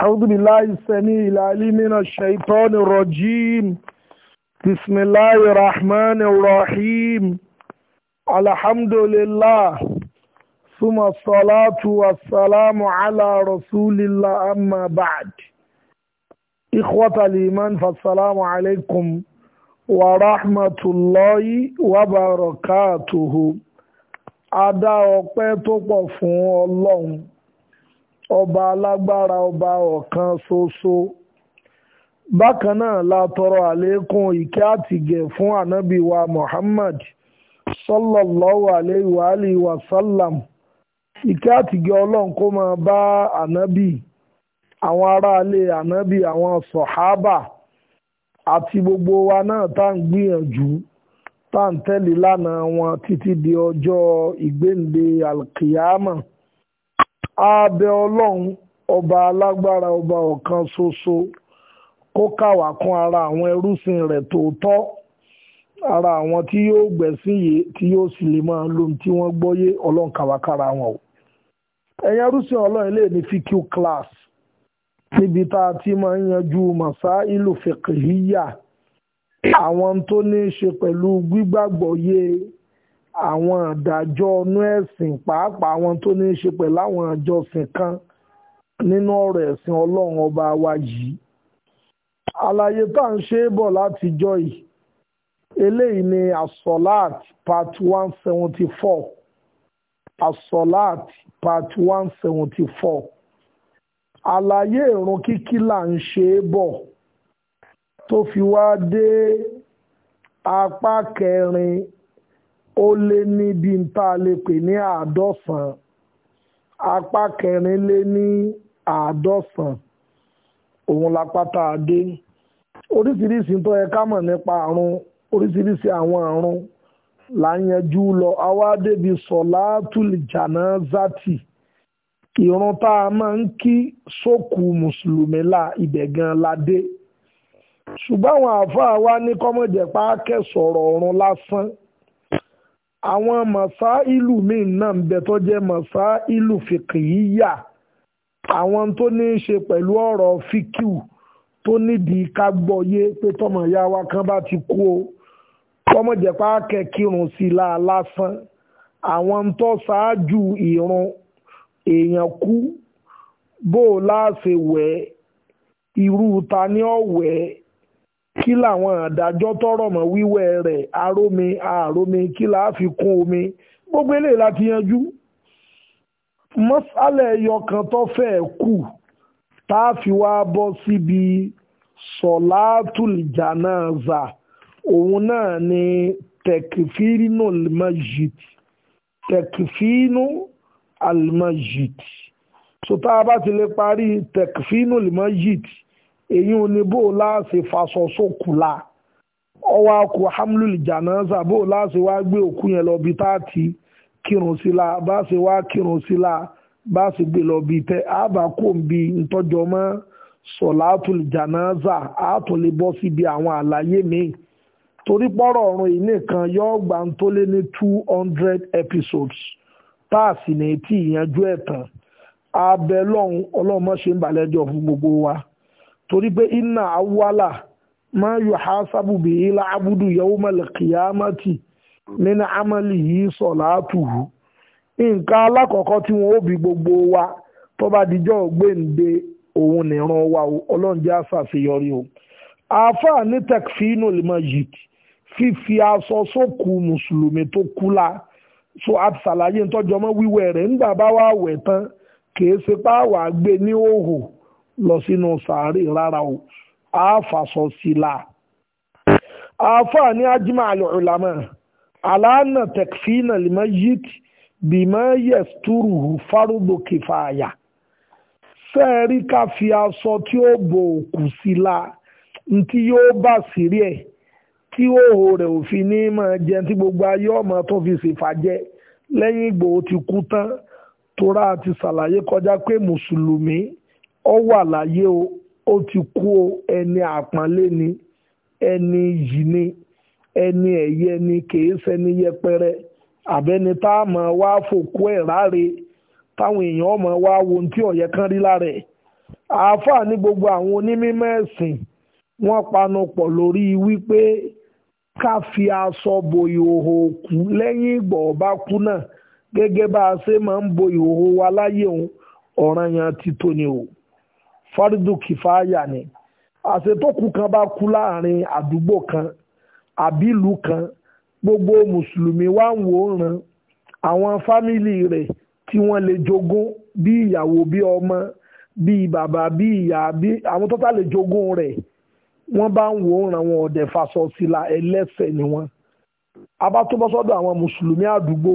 أعوذ بالله السميع العليم من الشيطان الرجيم بسم الله الرحمن الرحيم الحمد لله ثم الصلاة والسلام على رسول الله أما بعد إخوة الإيمان فالسلام عليكم ورحمة الله وبركاته أدعو قيتك فون الله ọba alágbára ọba ọ̀kan ṣoṣo bákan náà la tọrọ àlékún ìkẹ́ àtìgẹ̀ fún ànábì wa Muhammad sallallahu alayhi wa alihi wa sallam ìkẹ́ àtìgẹ̀ ọlọ́run kó máa bá ànábì àwọn aráalé ànábì àwọn sọ̀hábà àti gbogbo wa náà tá ń gbìyànjú tá ń tẹ̀lé lánàá wọn títí di ọjọ́ ìgbéǹde alkiyama. abẹ ọlọ́run ọba alágbára ọba ọ̀kan ṣoṣo kó kàwá kún ara àwọn ẹrúsìn rẹ̀ tòótọ́ ara àwọn tí yóò gbẹ̀sìn yìí tí yóò sì lè máa lo tí wọ́n gbọ́yé ọlọ́run kàwákàrà wọn o ẹ̀yin ẹrúsìn ọlọ́run lè ní fíkú class níbi tá a ti máa ń yanjú màsá ìlú fìkìhíyà àwọn tó ní í ṣe pẹ̀lú gbígbàgbọ́ yé e àwọn àdájọ́ inú ẹ̀sìn pàápàá àwọn tó ní í ṣe pẹ̀lú àwọn àjọsìn kan nínú ọ̀rọ̀ ẹ̀sìn ọlọ́run ọba wa yìí àlàyé tá à ń ṣe é bọ̀ látijọ́ yìí eléyìí ni asolat part one seventy four asolat part one seventy four àlàyé ìrun kíkí là ń ṣe é bọ̀ tó fi wá dé apá kẹrin ó lé ní bí n tá a lè pè ní àádọ́sàn apá kẹrin lé ní àádọ́sàn òun lápáta adé oríṣiríṣi tó yẹ ká mọ̀ nípa àrùn oríṣiríṣi àwọn àrùn là ń yanjú lọ àwa débi sọ̀látùlì jánásátì ìrun tá a máa ń kí sókù mùsùlùmí la ibẹ̀ gan la dé ṣùgbọ́n àwọn àáfàá wa ní kọ́mọ̀jẹ̀pá kẹsọ̀rọ̀ ọ̀run lásán àwọn mọ̀sá ìlú míì náà ń bẹ tó jẹ́ mọ̀sá ìlú fìkìyà àwọn tó ní í ṣe pẹ̀lú ọ̀rọ̀ fíkìú tó nídìí ká gbọ́yé pé tọmọ ìyá wa kan bá ti kú o tọmọ jẹ̀pá kẹkírun sí i lásán àwọn ń tọ́ ṣáájú ìrun èèyàn kú bó láṣẹ wẹ̀ irú ta ni ọ̀wẹ́ kí làwọn àdájọ́ tọrọ mọ́ wíwẹ̀ rẹ̀ arómi àrómi kí làá fi kún omi gbogbo eléyìí láti yanjú mọ́sálẹ̀ ẹyọ kan tó fẹ́ kù tá a fi wá bọ́ síbi sọ̀látùlìjànáza òun náà ni tẹkifínú almajidi tẹkifínú almajidi so tá a bá ti lè parí tẹkifínú almajidi èyí ò ní bó o láàṣẹ faṣọ sókù la ọwọ́ akọ hamlul janaza bó o wá gbé òkú yẹn lọ bí tá kírun sí la bá a ṣe wá kírun sí la bá a ṣe gbé lọ bí tẹ àbá kò ń bi ntọ́jọ́ mọ́ sọ̀látùl janaza àtún lè bọ́ síbi àwọn àlàyé míì torí pọ́rọ̀ ọ̀run yìí nìkan yóò tó lé ní two hundred episodes tá a sì ní tí ìyanjú ẹ̀ tán abẹ́ lọ́hùn ń balẹ̀ jọ fún gbogbo wa torí pé iná awala máa yọ hasabu bí ilá abudu yawmal qiyamati nínú amali yìí salatuhu nǹkan alákọ̀ọ́kọ́ tí wọ́n ó bi gbogbo wa tó bá dijọ́ gbèǹde òun nìran wa o ọlọ́run jẹ́ àṣàṣeyọrí o àáfàá ní tẹkfínú limajid fífi aṣọ sókù mùsùlùmí tó kú la so àti ntọ́jọ́ mọ́ wíwẹ̀ rẹ̀ ńgbà bá wà wẹ̀ tán kì í ṣe gbé ní òhò lọ sínú sàárè rárá o àáfàṣọ sílá àáfàá ní ajímọ̀ àlùlámà aláàánà tẹkfínà lìmọ́yìtì bìmọ́ yẹ̀stúrù fárúgbò kìfàyà sẹ́ẹ̀rí ká fi aṣọ tí ó bo òkú sílá ntí yóò bá sírí ẹ̀ tí òhò rẹ̀ òfin fi ní máa jẹ tí gbogbo ayé ọmọ tó fi ṣèfàjẹ lẹ́yìn ìgbò ó ti kú tán torá àti ṣàlàyé kọjá pé mùsùlùmí ó wà láyé o ó ti kú o ẹni àpọ́nlé ni ẹni yìí ni ẹni ẹ̀yẹ ni kìí ṣẹni yẹpẹrẹ àbẹ́ni tá a mọ̀ wá fòkú ẹ̀ ráre táwọn èèyàn mọ̀ wá wo ohun tí ọ̀yẹ́ kan rí lára ẹ̀ àáfàá ní gbogbo àwọn onímọ̀ ẹ̀sìn wọ́n panu pọ̀ lórí wípé ká fi aṣọ bo ìhòhò òkú lẹ́yìn ìgbà ọba kú náà gẹ́gẹ́ bá a ṣe máa ń bo ìhòhò wa láyé òun ọ̀ranyàn ti tó ni o. fárúdù kìfáyà ni àṣetókù kan bá kú láàrin àdúgbò kan àbílù kan gbogbo mùsùlùmí wá ń wò ó ràn àwọn fámìlì rẹ̀ tí wọ́n lè jogún bí ìyàwó bí ọmọ bí bàbá bí ìyá bí àwọn tó tà lè jogún rẹ̀ wọ́n bá ń wò wọn ọ̀dẹ̀ fasọ̀sílà ẹlẹ́sẹ̀ ni wọ́n abátúbọ́sọ́dọ̀ àwọn mùsùlùmí àdúgbò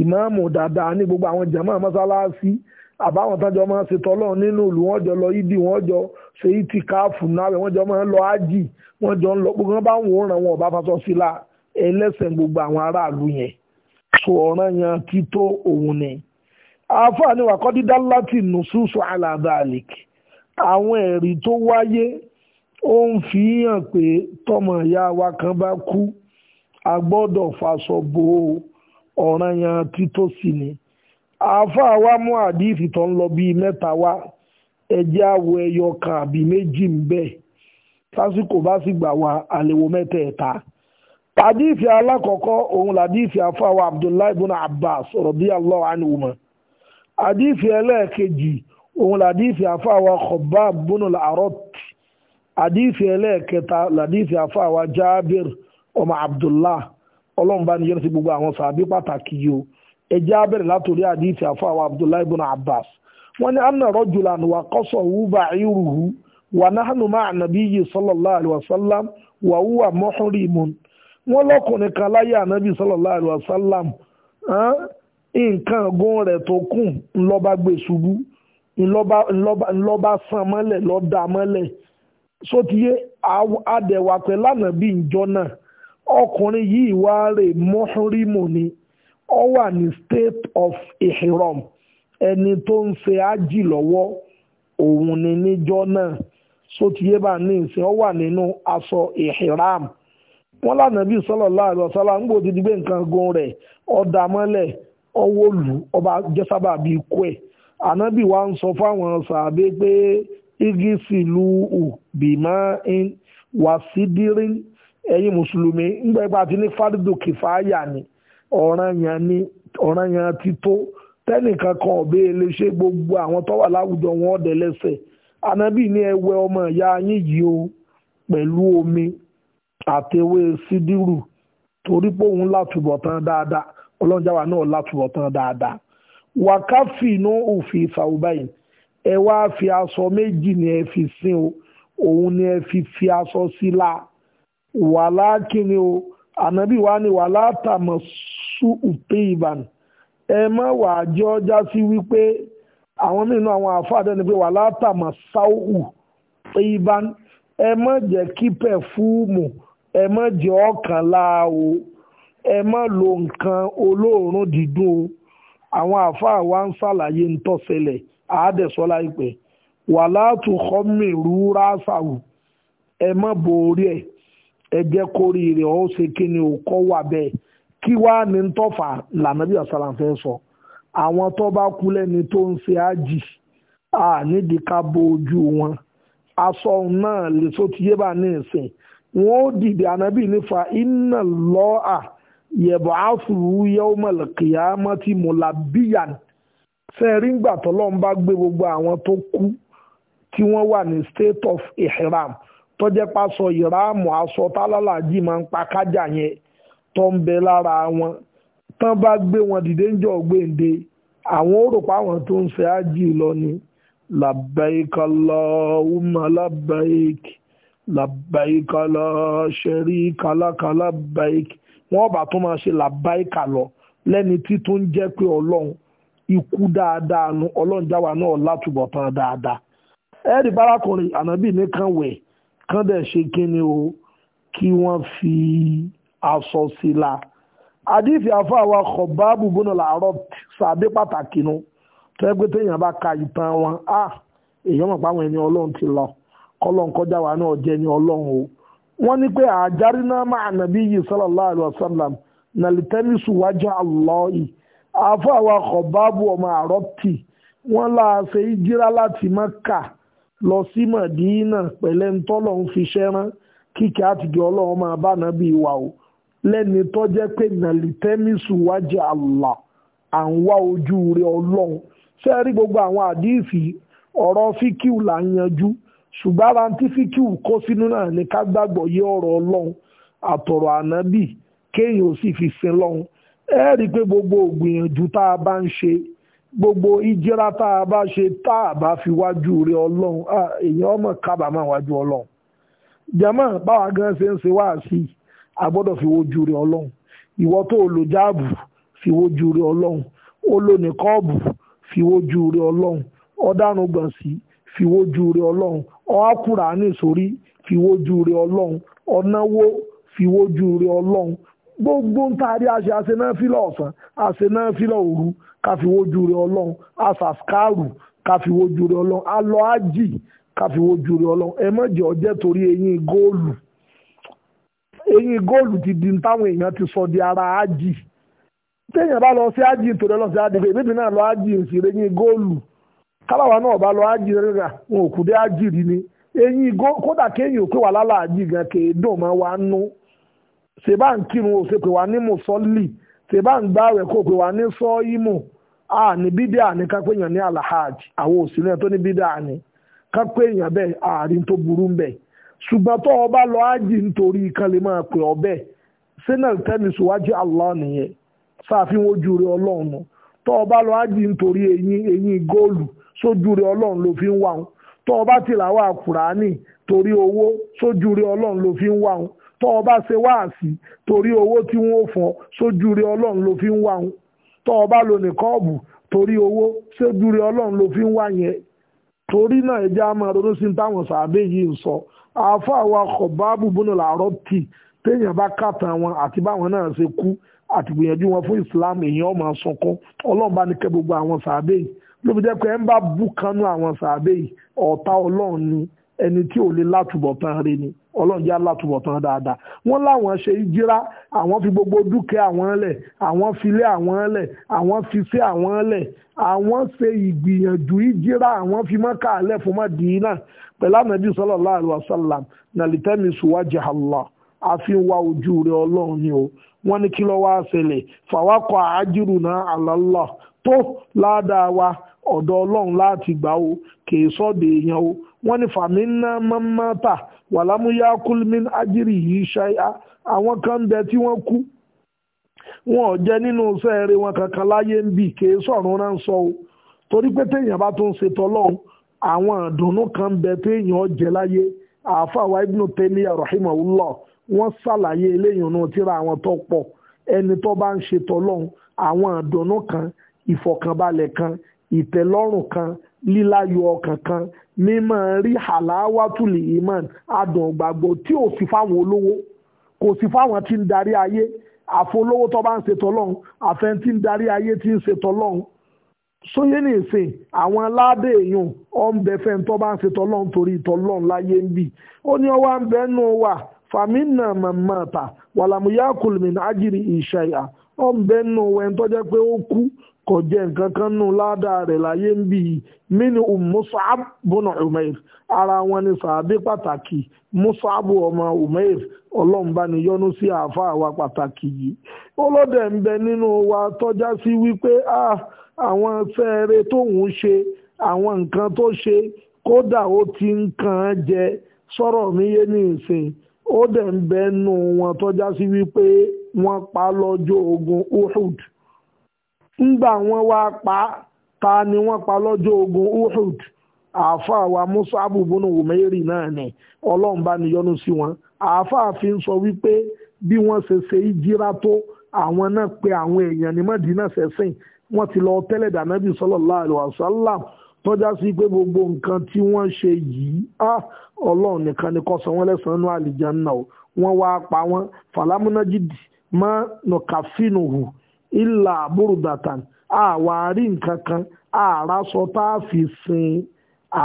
ìmáàmù dáadáa ní gbogbo àwọn jàmáà mọ́sálásí àbáwọn tájọ máa ń ṣe tọ́lọ́run nínú ìlú wọn jọ lọ yídì wọn jọ ṣe ìtì káàfù náà wọn jọ máa ń lọ ájì wọn jọ ń lọ gbogbo wọn bá ń wòran wọn ọba fasọ sí la ẹlẹ́sẹ̀ gbogbo àwọn aráàlú yẹn so ọ̀ràn yẹn tító òun ni. àfààní wàkọ́dídá láti nùsùsù aládàálík àwọn ẹ̀rí tó wáyé ó ń fi hàn pé tọmọ ìyá wa kan bá kú a fasọ bo ọ̀ràn yẹn tító sí ni àáfàá wa mú àdìsí tó ń lọ bíi mẹ́ta wá ẹjẹ́ àwọ̀ ẹyọ kan àbí méjì ń bẹ sásìkò bá sì gbà wá àlèwò mẹ́tẹ̀ẹ̀ta àdìsí alákọ̀ọ́kọ́ òun làdìsí àáfàá wa Abdullahi ibn Abbas radiyallahu anhuma àdìsí ẹlẹ́ẹ̀kejì òun làdìsí àáfàá wa Khabbab ibn al-Arat àdìsí ẹlẹ́ẹ̀kẹta làdìsí àáfàá wa Jabir ọmọ Abdullah ọlọ́run bá ní yẹn ti gbogbo àwọn sàbí pàtàkì yìí ẹjẹ́ abẹ́rẹ́ látòrí àdìsí àfọwọ́ abdullahi ibn abbas wọ́n ní anna rajulan wà kọ́sọ̀ wúbà wa wà nahnu ma'a nabiyyi sallallahu wasallam wa wuwa wà wúwà muhrimun wọ́n kan láyé sallallahu alaihi wasallam nǹkan gun rẹ̀ tó kùn ńlọ́ba gbé ṣubú ńlọ́ba sàn mọ́lẹ̀ ìjọ náà ọkùnrin ọ wà ní state of ihram ẹni tó ń ṣe ájì lọ́wọ́ òun ni níjọ́ náà ní ìsìn ọ wà nínú aṣọ ihram wọn lànàbí sallallahu alaihi wasallam ń gbòdì dígbé nǹkan gun rẹ̀ ọ̀dà mọ́lẹ̀ ọwọ́ lù ọba jẹ́sábà kú ànábì wa ń sọ fáwọn pé igi ù wàsídìrín ẹyin mùsùlùmí ń ní ọ̀ràn yẹn ti tó tẹ́nìkan kan ọ̀bẹ eléṣe gbogbo àwọn tó wà láwùjọ wọn ọ̀dẹ lẹ́sẹ̀ ànábì ní ẹwẹ ọmọ ìyá yín yìí o pẹ̀lú omi àtẹwé sídìrù torí pé òun látùbọ̀ tán dáadáa ọlọ́njáwa náà látùbọ̀ tán dáadáa wákàfì ní òfin ìfàwùbáyìí ẹ wá fi aṣọ méjì ni ẹ fi sin o òun ni ẹ fi fi aṣọ sí la wàhálà kí ni o ànábì wa ni wà látàmọ̀ sú ùpé ìbàn ẹ má wà á jẹ́ ọjà sí wípé àwọn nínú àwọn àfáàdé ni pé wà látàmọ̀ sáwù pé ìbàn ẹ má jẹ́ kí pẹ̀fúùmù ẹ má jẹ́ ọ̀kan láàwò ẹ má lo nǹkan olóòórùn dídùn o àwọn àfáà wa ń ṣàlàyé ń tọ́sẹlẹ̀ àádẹ́sọ́lá ìpẹ́ wà látùkọ́ mìíràn ráṣàwù ẹ má bo ẹ̀ ẹ jẹ́ kó ṣe kí ni ò kọ́ wà bẹ́ẹ̀ kí wá ní tọ́fà lànàbí àsàlà fẹ́ sọ àwọn tó bá kú lẹ́ni tó ń ṣe ájì à nídìí ká bo ojú wọn aṣọ náà lè so ti yé bá ní ìsìn wọn ó dìde ànábì nífa iná lọ́à yẹ̀bọ̀ áfùrú yẹ́wọ́mọ̀lì kìyàmọ́tì mọ̀lábíyàn fẹ́ẹ́rí ńgbà tọ́lọ́run bá gbé gbogbo àwọn tó kú tí wọ́n wà ní state of ihram tó jẹ́ pa sọ ìráàmù aṣọ tálálàjì máa ń pa kájà yẹn tó ń bẹ lára wọn tán bá gbé wọn dìde ń jọ gbèǹde àwọn òrò àwọn tó ń ṣe ájì lọ ni labbaik Allahumma labbaik labbaik la sharika laka labbaik wọ́n bá tún máa ṣe labbaik lọ lẹ́ni tí tó ń jẹ́ pé ọlọ́run ikú dáadáa ọlọ́run jáwa náà látúbọ̀tán dáadáa ẹ̀ẹ́dì bárakùnrin ànábì nìkan wẹ̀ kán dẹ̀ ṣe kíni o kí wọ́n fi aṣọ sí la àdìsí àfàwà kọ̀báàbù bọ́nà làárọ̀ sàbí pàtàkì nu tó pé téèyàn bá ka ìtàn wọn a èèyàn mọ̀ pé àwọn ẹni ọlọ́run ti lọ kọ́lọ́n kọjá wa náà jẹ́ ẹni ọlọ́run o wọ́n ní pé àjárí náà máa nàbí yìí sallallahu alaihi wasallam nàlítẹ́mísù wájà lọ́ọ̀ì àfàwà kọ̀báàbù ọmọ àrọ́tì wọ́n láà ṣe ìjírá láti Mákà lọ sí mọ̀dínà pẹ̀lẹ́ ń tọ́lọ̀ ń fi ṣẹ́rán kíkẹ́ àtìgẹ́ ọlọ́run máa bá náà bí wà o lẹ́ni tó jẹ́ pé nàlítẹ́mísù wájà àlà à ń wá ojú rẹ ọlọ́run ṣé rí gbogbo àwọn àdíìsì ọ̀rọ̀ fíkìú là ń yanjú ṣùgbọ́n ara tí fíkìú kó sínú náà ní ká gbàgbọ́ yé ọ̀rọ̀ ọlọ́run àtọ̀rọ̀ ànábì kéèyàn ò sì fi sin lọ́run ẹ rí i pé gbogbo ògbìyànjú tá a bá ń ṣe gbogbo ìjẹ́ra tá a bá ṣe tá a bá fi wájú rẹ ọlọ́run èèyàn ọmọ kábàámọ̀ wájú ọlọ́run jẹ́mọ́ báwa gan ṣe ń ṣe wá sí i a gbọ́dọ̀ fi wojú rẹ ọlọ́run ìwọ tó lò jáàbù fi wojú rẹ ọlọ́run olóni kọ́ọ̀bù fi wojú rẹ ọlọ́run ọ̀daràn gbọ̀nsì fi wojú rẹ ọlọ́run ọ̀hákùrà nìsórí fi wojú rẹ ọlọ́run ọ̀náwó fi wojú rẹ ọlọ́run gbogbo ń taari àṣẹ àṣẹ náà fílọ̀ ọ̀sán àṣẹ náà fílọ̀ òru ká fi wojú rẹ ọlọ́run asàskárù ká fi wojú rẹ ọlọ́run alọ́ ájì ká fi rẹ ọlọ́run ẹ torí eyín góòlù eyín góòlù ti di táwọn èèyàn ti sọ di ara ájì téèyàn bá lọ sí ájì nítorí ọlọ́run sí ájì bébí náà lọ ájì ń sì góòlù kábàwá náà bá lọ ájì rẹ̀ wọn ò dé ájì rí ni kódà kéèyàn ò pé wà lálẹ́ ájì gan wà ní mùsọ́lì ṣèbá a ní bídíà ní kápẹ́ èèyàn ní alahaj àwọn òsínlẹ̀ tó ní bídíà èèyàn bẹ́ẹ̀ ààrin tó burú ń bẹ̀ ṣùgbọ́n tó ọba lọ ájì nítorí kan máa pè Allah nìyẹn sáàfin ojú rẹ ọlọ́run tó ọba lọ ájì nítorí eyín eyín góòlù sójú rẹ ọlọ́run fi ń wà wọn tó kùránì torí owó sójú rẹ ọlọ́run tó o bá lo nìkọ́ọ̀bù torí owó ṣé dúró ọlọ́run ló fi ń wá yẹn torí náà ẹjẹ́ a máa ronú sí táwọn sàbẹ̀ yìí ń sọ àáfà wa kọ̀báàbù bọ́nà làárọ̀ tì téèyàn bá kàtà wọn àti báwọn náà ṣe kú àti gbìyànjú wọn fún Islam èèyàn ọmọ sunkún ọlọ́run bá ní kẹ́ gbogbo àwọn sàbẹ̀ yìí ló fi jẹ́ pé ẹ̀ ń bá bú kanú àwọn sàbẹ̀ yìí ọ̀tá ọlọ́run ni ẹni tí ò lè látúbọ̀tán rẹ̀ ni ọlọ́run jẹ́ látúbọ̀tán dáadáa wọ́n láwọn ṣe ìjírá àwọn fi gbogbo dúkìá àwọn lẹ̀ àwọn filé àwọn lẹ̀ àwọn fisẹ́ àwọn lẹ̀ àwọn ṣe ìgbìyànjú ìjírá àwọn fi mọ́ káàlẹ̀ fún mọ́ dìínà pẹ̀lú ànábì sallallahu alaihi wasallam nàlítẹ́mi sùwájà allah àfi wa ojú rẹ ọlọ́run ni o wọ́n ní kí ló wá ṣẹlẹ̀ fàwákọ̀ àájírù náà àlọ́lọ́ tó ládàá wa ọ̀dọ̀ ọlọ́run láti gbà o kì í èèyàn o wọ́n ní fàmínà mọ́mọ́ta wàlámúyá kulmin ajiri yìí ṣáyà àwọn kan bẹ tí wọ́n kú wọn ò jẹ nínú sẹ́ẹ̀rẹ̀ wọn kankan láyé ń bì kì í sọ̀rọ̀ náà ń sọ o torí pé téèyàn bá tún ṣe tọ́lọ́run àwọn àdùnnú kan bẹ téèyàn jẹ láyé àáfà wa ibnu taymiya rahimahullah wọ́n ṣàlàyé eléyìí náà tíra àwọn tó pọ̀ ẹni tó bá ń ṣe tọ́lọ́run àwọn àdùnnú kan ìfọ̀kànbalẹ̀ kan ìtẹ́lọ́rùn kan líláyọ̀ ọkàn kan mímọ́ rí hàláwátùlì iman adùn gbàgbọ́ tí ò sí fáwọn olówó kò sí fáwọn tí ń darí ayé àfolówó tó bá ń ṣe tọ́lọ́run àfẹn tí ń darí ayé tí ń ṣe tọ́lọ́run sóyè ní ìsìn àwọn aládé èèyàn ọ̀nbẹ fẹ́ni tó bá ń ṣe torí tọ́lọ́run láyé ń bì ó ní ọwọ́ ń nù wà fàmínà mọ̀mọ́ta wàlàmúyá kùlùmí àjírí ìṣàyà ọ̀nbẹ nù wẹ́n tó jẹ́ pé ó kú kò jẹ́ nǹkan kan nù ládàá rẹ̀ láyé ń bì í mínú Mus'ab bùnà Umair ara wọn ni sàbí pàtàkì Mus'ab ọmọ Umair ọlọ́mba ni sí àáfàá wa pàtàkì yìí ó lọ́dẹ̀ ń bẹ nínú wa tọ́já sí wípé àwọn tó tóun ṣe àwọn nǹkan tó ṣe kódà ó ti ń kàn án jẹ sọ̀rọ̀ mi ní ìsìn ó dẹ̀ ń bẹ nù wọn tọ́já sí wípé wọ́n pa lọ́jọ́ ogun Uhud. ńgbà wọ́n wá pa ta ni wọ́n pa lọ́jọ́ ogun Uhud àáfàá wa Mus'ab ibn Umairi náà ni ọlọ́run bá ní yọ́nú sí wọn àáfàá fi ń sọ wípé bí wọ́n ṣe ṣe ìjírá tó àwọn náà pé àwọn èèyàn ní Mádínà ṣẹ̀sìn wọ́n ti lọ tẹ́lẹ̀ dànábì sallallahu alaihi wasallam tọ́já sí pé gbogbo nǹkan tí wọ́n ṣe yìí ọlọ́run nìkan ni kó san wọ́n lẹ́sàn-án nínú àlìjánnà o wọ́n wá pa wọ́n fàlámúnájìdì mọ́ nùkàfínùhù ìlà búrúdàtàn àwárí nǹkan kan àràsọ tá a fi sin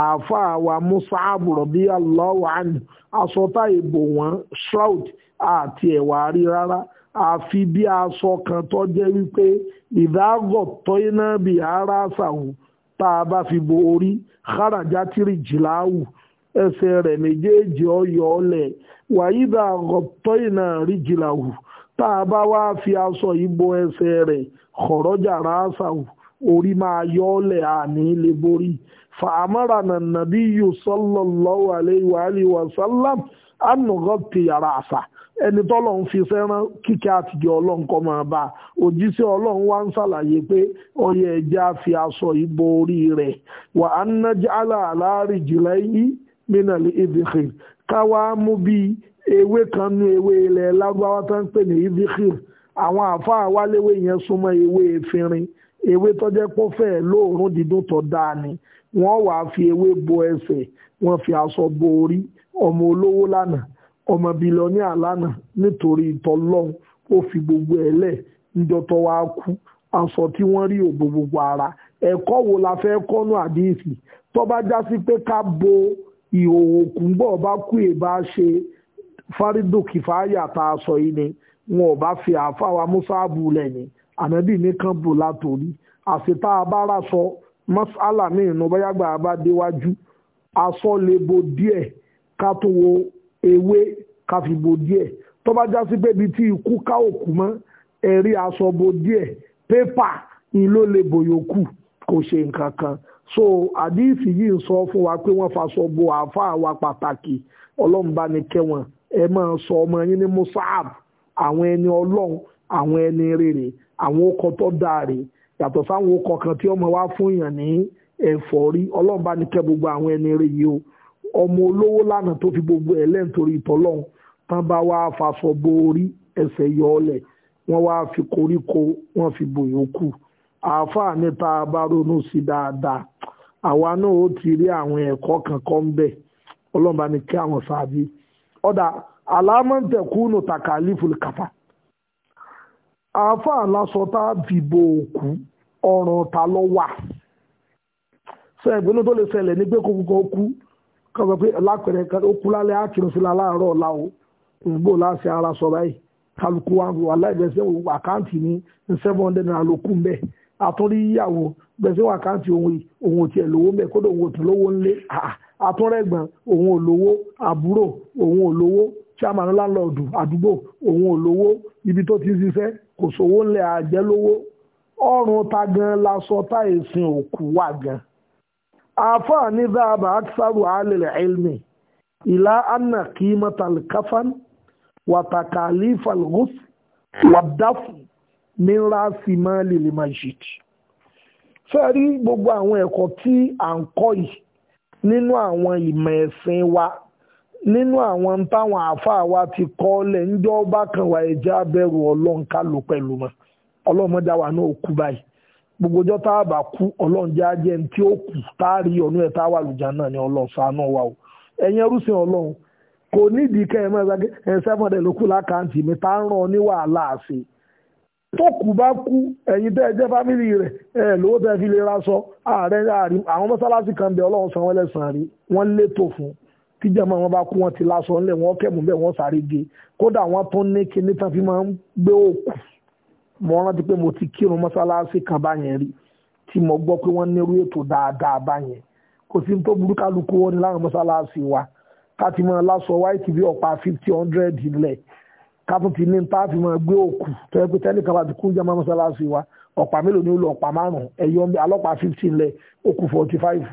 àáfàá wa musa àbùrọ̀bí aláwàánì asọ́tà ìbò wọn shroud àti ẹ̀wà rí rárá àfi bí aṣọ kan tó jẹ́ wípé ìdágọ̀ tọ́yìnà bíi ara ṣàwù tá a bá fi bo orí káràjá tìrì jìláwù ẹsẹ̀ rẹ̀ méjèèjì ọyọ̀ ọlẹ̀ wàyídà gọ̀tọ́yìnà rí jìláwù tá a bá wá fi aṣọ ìbo ẹsẹ̀ rẹ̀ kọ̀rọ́jà ráṣàù orí máa yọ ọ́ lẹ̀ àní lè borí fàámàrà nànàbí yù sallallahu alayhi wa alihi wa sallam ànàgọ́ ti yàrá àṣà ẹni tọ́lọ́run fi sẹ́rán kíkẹ́ àtijọ́ ọlọ́run kọ́ máa bá a òjíṣẹ́ ọlọ́run wá ń ṣàlàyé pé ọyẹ ẹja fi aṣọ ìbo orí rẹ̀ wà á ná jálá àlárí jìlá yìí mínàlì ìdìkì káwá mú bíi ewé kan ní ewé ilẹ̀ lágbáwá tó ń pè ní ivixir àwọn àáfàá wáléwé yẹn súnmọ́ ewé efinrin ewé tó jẹ́ lóòrùn dídùn tó dáa ni wọ́n wàá fi ewé bo ẹsẹ̀ wọ́n fi aṣọ bo orí ọmọ olówó lánàá ọmọ bílíọ̀nì àlánà nítorí ìtọ́lọ́hún ó fi gbogbo ẹ̀ lẹ̀ níjọ́ tó wá kú aṣọ tí wọ́n rí òbò gbogbo ara ẹ̀kọ́ wo la fẹ́ kọ́nú àdéhìsì tó bá já sí pé ká bo ìhòòhò kúńbọ̀ bá kú èbá ṣe Faridu kìfáyà tá a sọ yìí ni wọn ò bá fi àáfàá wa mùsáàbù lẹ́yìn ànábì ní kan bò látòrí àṣetá abára sọ mọ́sálà míì nù báyàgbà bá déwájú aṣọ lè bo díẹ̀ ká tó wo ewé ká fi bo díẹ̀ tó bá já sí pé ibi tí ikú ká òkú mọ́ ẹ̀rí aṣọ bo díẹ̀ pépà ni ló lè bòyókù kò ṣe nǹkan kan so àdíìsì yìí ń sọ fún wa pé wọ́n faṣọ bo àáfàá wa pàtàkì ọlọ́run E ma sọ ọmọ yín ní Awọn àwọn ẹni ọlọ́run àwọn ẹni rere àwọn ọkọ tó dáa yàtọ̀ sáwọn kan tí ọmọ wa fún yàn ní ẹ̀fọ́rí ọlọ́run bá gbogbo àwọn ẹni rè yìí o ọmọ olówó lánàá tó fi gbogbo ẹ̀ lẹ́yìn torí ìtọ́lọ́run bá wá ẹsẹ̀ yọ ọlẹ̀ wọ́n wá fi koríko wọ́n fi bò yòókù àáfàá ọda alámọ̀tẹ̀kùnù takalifù kàfà àáfàá lásọtá fìbò òkú ọ̀ràn ta sọ ẹ̀gbẹ́ni tó lè ṣẹlẹ̀ ní pé kókó sọ báyìí kálukú wa wà láìbẹ̀sẹ̀ àkáǹtì ní seven hundred naira ló kú mbẹ́ àtúndí yíyàwó atúnrẹ̀gbọ́n òun ò lówó àbúrò òun ò lówó chairman láńlọ́ọ̀dù àdúgbò òun ò lówó ibi tó ti ń ṣiṣẹ́ kò sówó ńlẹ̀ àjẹ́ lówó ọrùn ta gan la sọ tá ìsìn òkú wà gan. àáfàá ní dáàbà aksaru alẹ́lẹ̀ ilmi ìlà anna kìímọ̀tàl káfán wàtàkàlì falgus wàdáfù ní ráàsì máa lè lè máa jìtì. fẹ́ẹ́ rí gbogbo àwọn ẹ̀kọ́ tí à ń kọ́ yìí nínú àwọn ìmọ̀ ẹ̀sìn wa nínú àwọn táwọn àáfàá wa ti kọ́ lẹ̀ ń jọ́ bá kan wà ẹ̀jẹ̀ abẹ́rù ọlọ́run ká lò pẹ̀lú mọ́ ọlọ́mọdé wa náà kú báyìí gbogbo ọjọ́ tá a kú ọlọ́run jẹ́ ní ó kù tá a rí ọ̀nà ẹ̀ tá a wà náà ni ọlọ́run o ẹ̀yin ẹrúsìn ọlọ́run kò nídìí kẹ́ ẹ̀ mọ́ ẹ̀ tó kù bá kú ẹ̀yin tẹ́ ẹ jẹ́ fámìlì rẹ̀ ẹ lówó tẹ́ fi lè ra sọ ààrẹ ààrí àwọn mọ́sálásí kan bẹ̀ ọlọ́run san wọ́n rí wọ́n létò fún tíjàmọ́ wọn bá kú wọn ti lásọ ńlẹ̀ wọn kẹ́mú bẹ́ẹ̀ wọ́n sáré ge kódà wọn tó ní kíní tán fi máa ń gbé òkú mo rántí pé mo ti kírun mọ́sálásí kan báyẹn rí tí mo gbọ́ pé wọ́n nírú ètò dáadáa báyẹn kò sí tó burú wọn ní láwọn mọ́sálásí wa ká ti máa lásọ wáìtì bí ọ̀pá fifty hundred lẹ̀ kátó ti ní tá a fi máa gbé òkú tó yẹ pé tẹ́nìkan bá ti kú jẹ́ máa mọ́sálásí wa ọ̀pá mélòó ni ó lọ ọ̀pá márùn-ún ẹ̀yọ́ alọ́pàá fifteen lẹ̀ òkú forty five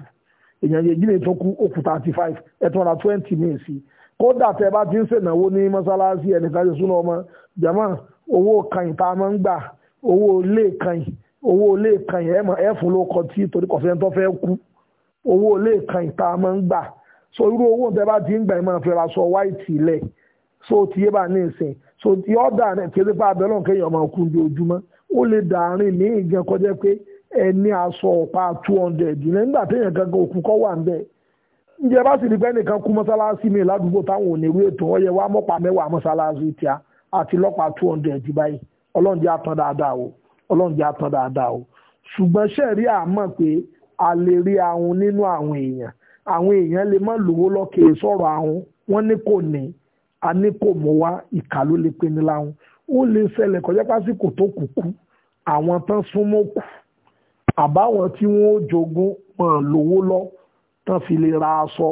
èèyàn yẹn jílẹ̀ tó kú òkú thirty five ẹ̀tún ọ̀la twenty ní ìsì kódà tẹ́ bá ti ń ṣènáwó ní mọ́sálásí ẹnìkan ṣe súná ọmọ jàmọ́ owó kàyìn tá a máa ń gbà owó ilé kàyìn owó ilé kàyìn ẹ̀ fún ló kọ tí torí kọ̀fẹ́ tó fẹ́ kú owó ilé kàyìn tá a máa ń gbà so irú owó tẹ́ bá ti ń gbà ẹ̀ máa fẹ́ sọ wáìtì lẹ̀ so ti yé bá ní so ti ọ̀dà kéde pa abẹ́rẹ́ òun kéèyàn máa kú ojoojúmọ́ ó lè dàárín ní ìgbẹ́ kọjá pé ẹni aṣọ ọ̀pá two hundred nígbà téèyàn gangan òkú kọ́ wà ń ǹjẹ́ bá sì rí ẹnìkan kú mọ́sálásí mi ládùúgbò táwọn ètò mẹ́wàá mọ́sálásí àti lọ́pàá two hundred báyìí àtàn dáadáa o ọlọ́njẹ́ àtàn dáadáa o ṣùgbọ́n sẹ́ẹ̀rí àmọ́ pé a lè rí ahun nínú àwọn èèyàn àwọn èèyàn lè má lówó lọ́kẹ́ sọ̀rọ̀ wọn ní kò ní a ní kò mọ̀ wá ìkà ló lè pe ní láwọn ó lè ṣẹlẹ̀ kọjá pásíkò tó kù kú àwọn tán súnmọ́ kù àbáwọn tí wọ́n ó jogún wọn lówó lọ tán fi lè ra aṣọ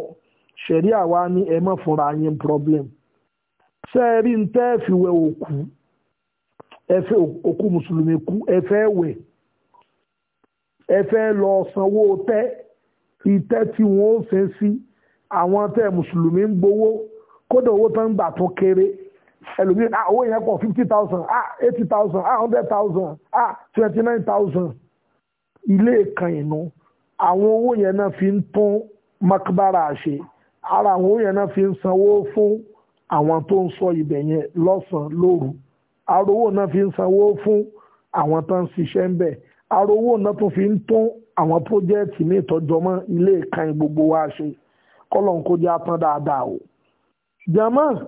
ṣẹ̀rí àwa ni ẹ má fúnra yín problem ṣé ẹ rí n tẹ́ ẹ fi wẹ òkú ẹ fẹ́ òkú mùsùlùmí kú ẹ fẹ́ wẹ̀ ẹ fẹ́ lọ sanwó tẹ́ ìtẹ́ tí wọ́n ó ṣe sí àwọn tẹ́ mùsùlùmí ń gbowó kódà owó tán ń gbà tó kéré ẹlòmíì ah owó yẹn pọ̀ fifty ah eighty ah hundred thousand ah twenty nine thousand ilé kan àwọn owó yẹn náà fi ń tún makbara ṣe ara àwọn owó yẹn náà fi ń sanwó fún àwọn tó ń sọ ibẹ̀ yẹn lọ́sàn-án owó náà fi ń sanwó fún àwọn tó ń ṣiṣẹ́ ń bẹ̀ owó náà fi ń tún àwọn pọ́jẹ́ẹ̀tì ní ilé kan gbogbo wa ṣe kọ́lọ́n kó jẹ́ àtàn o. jama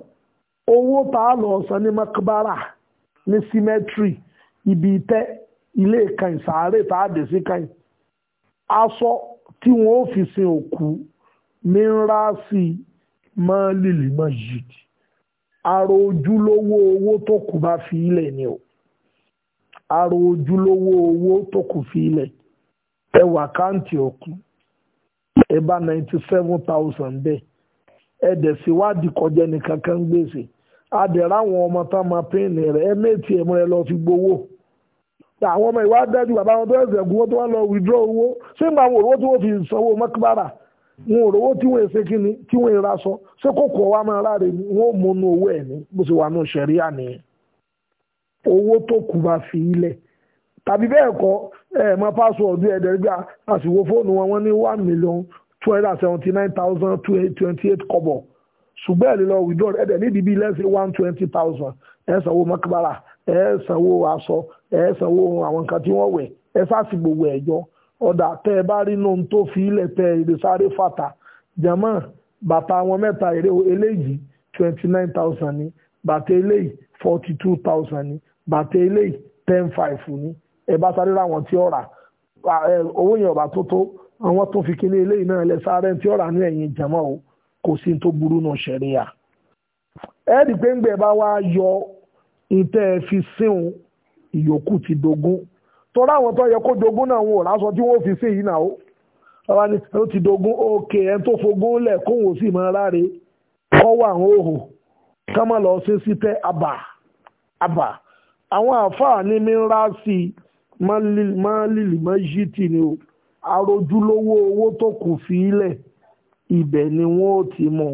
owó tá a ní makbara ní cemetery ibi ìtẹ́ ilé kan sàárè tá a dé sí kan aṣọ tí wọn ò fi sin òkú mìíràsì máa lìlì máa yìí ara ojúlówó owó tó kù bá fi ilẹ̀ ni o ara ojúlówó owó tó kù fi ilẹ̀ ẹwà káǹtì òkú ẹ bá ninety seven thousand bẹ́ẹ̀ Edesiwa síwádìí kọjá kankan gbèsè adẹ̀rẹ̀ àwọn ọmọ tá máa pín rẹ̀ ẹ méjì ẹ̀mú rẹ̀ lọ fi gbowó àwọn ọmọ ìwà dájú bàbá wọn tó ẹ̀sẹ̀ gún wọn tó wá lọ withdraw owó ṣé ń àwọn òrówó tí wọ́n fi sanwó mọ́kíbára wọn òrówó tí wọ́n èsè kíni tí sọ ṣé wa máa ni fi tàbí àsìwò fóònù wọn wọn ní one two hundred thousand two twenty eight kọ́bọ̀ ṣùgbọ́n ẹ̀rí lọ withdraw ẹ̀dẹ̀ nídìí bíi lẹ́sìn one twenty thousand ẹ̀ sanwó mọ́kàbára ẹ̀ sanwó aṣọ ẹ̀ sanwó àwọn nǹkan tí wọ́n wẹ̀ ẹ̀ sáàsì gbogbo ẹ̀jọ́ ọ̀dà tẹ́ ẹ bá rí nù tó fi ilẹ̀ tẹ èrè sáré fàtà jẹ̀mọ́ bàtà àwọn mẹ́ta èrè eléyìí twenty nine thousand ni bàtà eléyìí forty two thousand ni bàtà eléyìí ten five ni ẹ bá sáré ra àwọn tí ó rà owó yẹn ọ̀bà tó tó àwọn tó fi kíní eléyìí náà lẹ sáré tí ọ̀rà ní ẹ̀yìn jẹ̀mọ́ o kò sí tó burú nù ṣẹ̀ríà ẹ rí i pé ńgbẹ bá wá yọ ìtẹ́ ẹ fi síhun ìyókù ti dogun torí àwọn tó yẹ kó dogun náà wọn ò lásọ tí wọn ò fi sí yìí náà o ọba ni ó ti dogun òkè ẹ tó fogún lẹ kóhùn ó sì mọ láre kọwọ àwọn òhò ká má lọ sí tẹ́ àbà àbà àwọn àfáà ní mi ń rá sí i má lílì má yí tì ní o. àròjúlówó owó tó kù fílẹ̀ ibẹ̀ ni wọ́n ó ti mú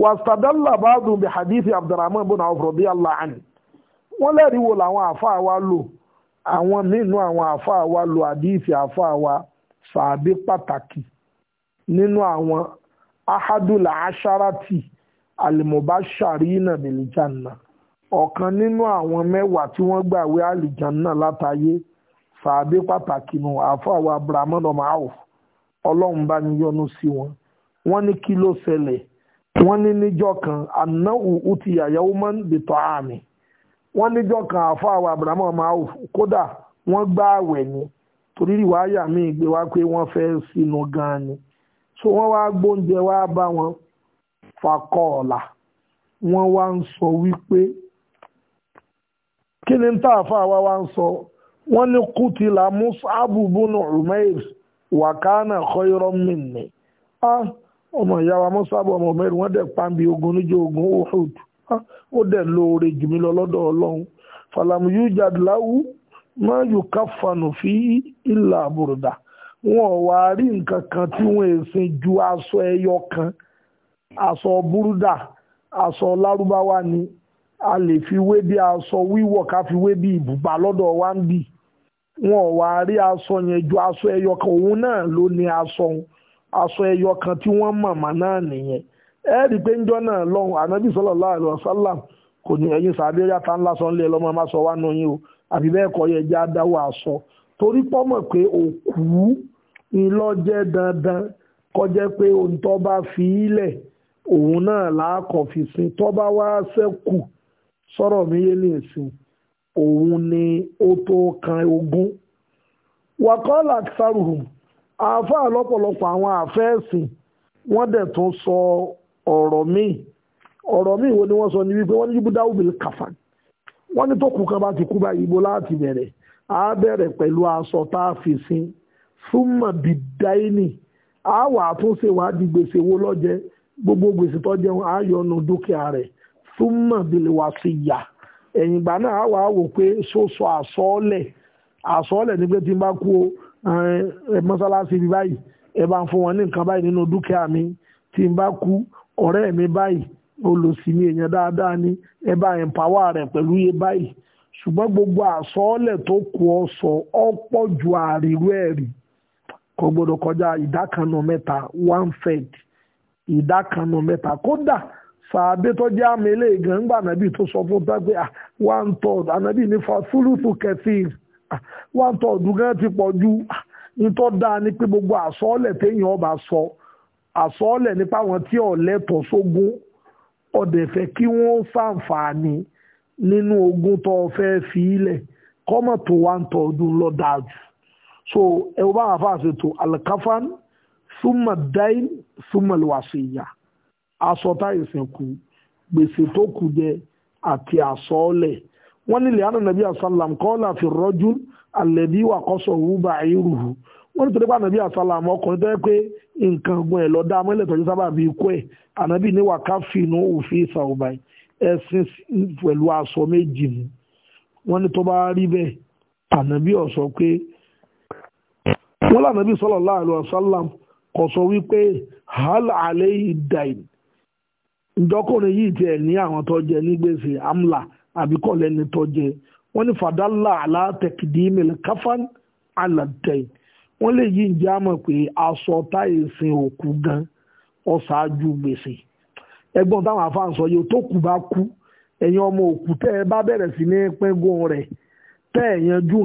wàstadàlà bàdùn bí hadith abdulrahman ibn awf radiyallahu anhu wọ́n lẹ́rìí wo làwọn àáfàá wa lò àwọn nínú àwọn àáfàá wa lò hadith àáfàá wa sàbí pàtàkì nínú àwọn ahadul asharati alimobasharina bilijanna ọ̀kan nínú àwọn mẹ́wàá tí wọ́n gbàwé àlìjánná látayé sàbí pàtàkì nù àfọ àwọn abrahamu ọmọ àwọ ọlọ́run bá ní yọ́nú sí wọn wọ́n ní kí ló ṣẹlẹ̀ wọ́n ní níjọ́ kan àná òwú ti yàyàwó máa ń dètò àmì wọ́n níjọ́ kan àfọ àwọn abrahamu ọmọ àwọ kódà wọ́n gbá àwẹ̀ ni torí ìwà àyà mi ìgbé wá pé wọ́n fẹ́ sínú gan ni so wọ́n wá gbóúnjẹ wá bá wọn fakọọ̀la wọ́n wá ń sọ wípé kí ni ń tà àfọ àwa wá ń sọ wọ́n ní kùtìlà mus'abu bunu umair wakana khayran minni ọmọ ìyá wa mus'abu ọmọ umair wọ́n dẹ̀ pàǹbì ogun níjọ ogun uhud ó dẹ̀ lóore jù lọ́dọ̀ ọlọ́run falamu yujad lahu ma yukaffanu fi illa burda wọn ò wá rí nǹkan kan tí wọ́n èsìn ju aṣọ ẹyọ kan aṣọ búrúdà aṣọ lárúbáwá ni a lè fi wé bí aṣọ wíwọ̀ ká fi wé bí ìbùbá lọ́dọ̀ wa ń bì í wọn ò wá rí aṣọ yẹn ju aṣọ ẹyọ kan òun náà ló ní aṣọ aṣọ ẹyọ kan tí wọn mọ̀mọ́ náà nìyẹn ẹ rí i pé njọ́ náà lọ́hùn ànábì sọlọ alaihi wasallam kò ní ẹyin sàbí yàtá ńlá sọ nílé lọ́mọ má sọ wá nù yín o àbí bẹ́ẹ̀ kọ́ yẹ jẹ́ adáwọ̀ aṣọ torí pọ́mọ̀ pé òkú ńlọ́jẹ́ dandan kọjá pé ohun tó bá fi í lẹ̀ òun náà làákọ̀ fi sin tó bá wá sẹ́kù sọ̀rọ̀ mi yé ní ìsìn òun ni ó tó kan ogún wakọ́lá aksaruhum àáfàá lọ́pọ̀lọpọ̀ àwọn àfẹ́ẹ̀sìn wọ́n dẹ̀ tún sọ ọ̀rọ̀ míì ọ̀rọ̀ míì wo ni wọ́n sọ ní wípé wọ́n ní júbúdáwù bíi kàfà wọ́n ní tó kù kan bá ti kú báyìí ibo láti bẹ̀rẹ̀ á bẹ̀rẹ̀ pẹ̀lú aṣọ tá a fi sin súnmọ̀ bí dáínì á wà àtúnṣe wàá di gbèsè wo lọ́jẹ́ gbogbo gbèsè tó jẹun á yọnu dúkìá rẹ̀ súnmọ̀ bí lè wá sí yà ẹ̀yìn ìgbà náà wà á wò pé sóso àsọọ́lẹ̀ àsọọ́lẹ̀ ní pé tí n bá kú mọ́sálásí ibi báyìí ẹ bá ń fún wọn ní nǹkan báyìí nínú dúkìá mi tí n bá kú ọ̀rẹ́ mi báyìí olùsí ni èèyàn dáadáa ní ẹ bá ẹ̀ǹpáwá rẹ̀ pẹ̀lú iye báyìí ṣùgbọ́n gbogbo àsọọ́lẹ̀ tó kù ọ sọ ọ pọ̀ ju àrírú ẹ̀rí kò gbọdọ̀ kọjá ìdákanu mẹ́ta one third ìdákanu mẹ́ta kódà sàádé tó jẹ́ àmì ilé ìgàn ńgbà ànábì tó sọ fún pé ah, one third ànábì ní fúlùfù kẹfìr ah, one third gan ti pọ̀ ju ah, nítọ́ dáa ni pé gbogbo àsọ́ọ̀lẹ̀ téèyàn ọba sọ àsọ́ọ̀lẹ̀ nípa àwọn tí ọ̀lẹ́tọ̀ sógun ọ̀dẹ̀ fẹ́ kí wọ́n ṣàǹfààní nínú ogún tó fẹ́ fi ilẹ̀ kọ́mọ̀ tó one third lọ dáa so ẹ wọ́n bá wà fáṣetò alikafan súnmọ̀ dáìn súnmọ̀ lùwàṣẹ̀yà aṣọ táìsìn kù gbèsè tó kù jẹ àti àsọọ́lẹ̀ wọ́n nílẹ̀ àná nàbí àsálàm kọ́lá fi rọ́jú àlẹ́bí wà kọ́sọ̀ rúbà ayélujú wọ́n ní torípa anabi àsálàm ọkùnrin tó yẹ pé nǹkan gun ẹ̀ lọ́dá amúlẹ̀ tọ́jú sábà bíi kú ẹ̀ ànábì ní wàká fìnnú òfin ìsàwùbà ẹ̀sìn pẹ̀lú aṣọ méjì mu wọ́n ní tó bá rí bẹ́ẹ̀ ànábì ó pé wọ́n lànàbí sallallahu alaihi wasallam kò sọ wípé hal alayhi dain ǹjọ́kùnrin yìí tiẹ̀ ní àwọn tó jẹ ní amla àbí kọ́ tó jẹ wọ́n ní fàdálà alátẹ̀kìdìmí káfán alàtẹ̀ wọ́n lè yí ǹjẹ́ àmọ̀ pé aṣọ táyé sin òkú gan ọ̀ṣáájú gbèsè ẹgbọ́n táwọn afáàn yìí tó kù bá kú ẹ̀yin ọmọ òkú tẹ ẹ bá bẹ̀rẹ̀ sí ní nǹkan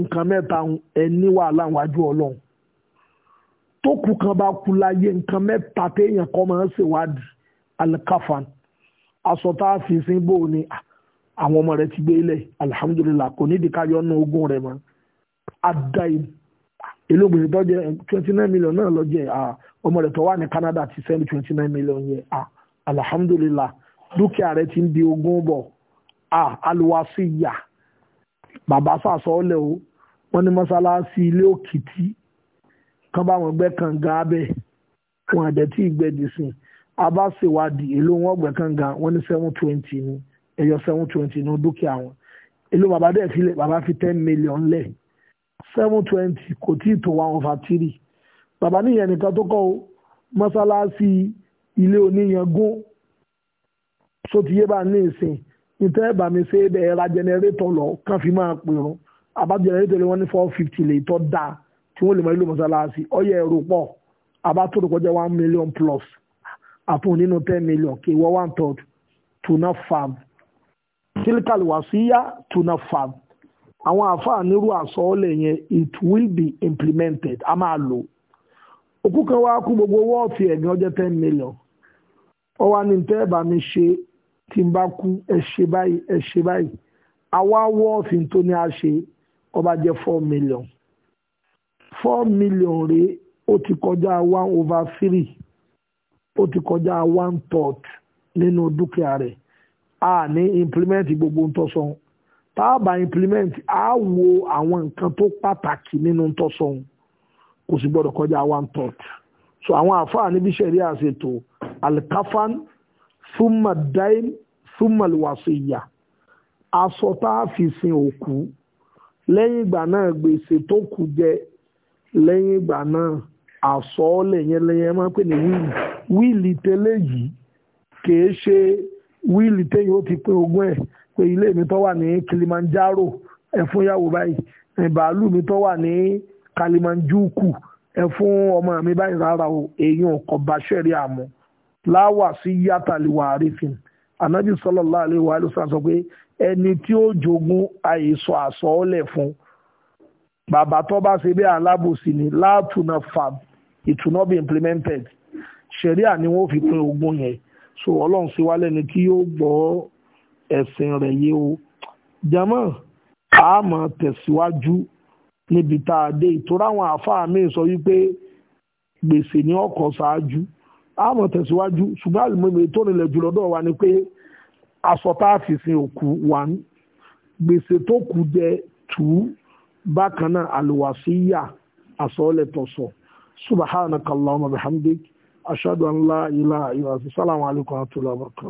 kan bá kú láyé nǹkan téèyàn kọ́ máa ń aṣọ tá a fi sin bò ní ah, àwọn ọmọ rẹ̀ ti gbé ilẹ̀ alhamdulillah kò nídìí ká yọnu ogún rẹ̀ mọ́ adaim ah, elóbìnrin tó jẹ twenty nine million náà lọ jẹ ah, ọmọ rẹ̀ tó wà ní Canada ti send twenty nine million yẹn alhamdulillah dúkìá rẹ̀ ti ń di ogún bọ̀ aluwasiya bàbá sàṣọ ọlẹ o wọ́n ní mọ́sálásí ilé òkìtì kan bá wọn gbẹ́ kànga abẹ́ wọn àdẹ tí ìgbẹ́ dì sìn abá ṣèwádìí èló wọn ọgbẹ kankan wọn ní seven twenty ní ẹyọ seven twenty ní dúkìá wọn èló bàbá dẹ̀ fi lẹ̀ bàbá fi ten million lẹ̀ seven twenty kò tí ì tó one over three bàbá níyẹn nìkan tó kọ́ mọ́sálásí ilé oníyangún sotiye bá ní ìsìn ìtẹ́ ẹ̀bà mi ṣe bẹ́ẹ̀ ẹ̀ra jẹnẹrétọ̀ lọ kàn fi máa pèrún àbá jẹnẹrétọ̀ lé wọn ní four fifty lè tọ́ da tí wọ́n lè mọ ìlú mọ́sálásí ọyẹ ẹ̀rù pọ̀ àbá tó rò kọjá one million plus àfún nínú ten million kí wọ́n one third tuna fab silikali wàsíyá tuna fab àwọn àfáà nírú àsọọ́lẹ̀ yẹn it will be implemented a máa lò òkú kan wá kú gbogbo wọ́ọ̀fì ẹ̀gán ọjọ́ ten million ó wá ní tẹ́ ẹ̀ bá mi ṣe tí n bá kú ẹ ṣe báyìí ẹ ṣe báyìí àwa wọ́ọ̀fì tó ní a ṣe ó jẹ́ four million four million rèé ó ti kọjá one over three ó ti kọjá one third nínú dúkìá rẹ̀ a ní implement gbogbo ntọ́sọ̀n tá a bá implement a wo àwọn nǹkan tó pàtàkì nínú ntọ́sọ̀n kò sì gbọ́dọ̀ kọjá one third so àwọn àfáà níbi sẹ̀rí àṣetò alikafan thumma dain thumma alwasiya aṣọ tá a fi sin òkú lẹ́yìn ìgbà náà gbèsè tó kù jẹ lẹ́yìn ìgbà náà àsọọ́lẹ̀ yẹn lẹ́yìn máa ń pè ní wíìlì wíìlì tẹ́lẹ̀ yìí kìí ṣe wíìlì téyìn ó ti pín ogún ẹ̀ pé ilé mi tó wà ní Kilimanjaro ẹ fún yàwó báyìí bàálù mi tó wà ní Kalimanjuku ẹ fún ọmọ mi báyìí rárá o èyí ọkọ̀ bàṣẹ́rì àmọ́ láwà sí yàtàlíwà àrífin anabi sallallahu alaihi wa sallam sọ pé ẹni tí ó jogún àìsọ àsọọ́lẹ̀ fún bàbá tó bá ṣe bí alábòsí ni látùnà fàbí it will not be implemented Sharia ni wọ́n fi pín ogún yẹn so ọlọ́run ṣe wá lẹ́ni tí yóò gbọ́ ẹ̀sìn rẹ̀ yé o jẹ́mọ́ a máa tẹ̀síwájú níbi tá a dé ìtura àwọn àáfàá mi sọ wípé gbèsè ní ọkọ̀ ṣáájú a máa tẹ̀síwájú ṣùgbọ́n àlùmọ́ọ́mọ́ ètò ìrìnlẹ̀ jùlọ dọ̀ wá ni pé aṣọ tá a fi sin gbèsè tó kù jẹ two bákan náà àlùwàsíyà àsọ̀ọ́lẹ̀ tọ̀sọ̀. So subhanakallahumma bihamdik ashhadu an la ilaha illa anta astaghfiruka wa atubu ilayk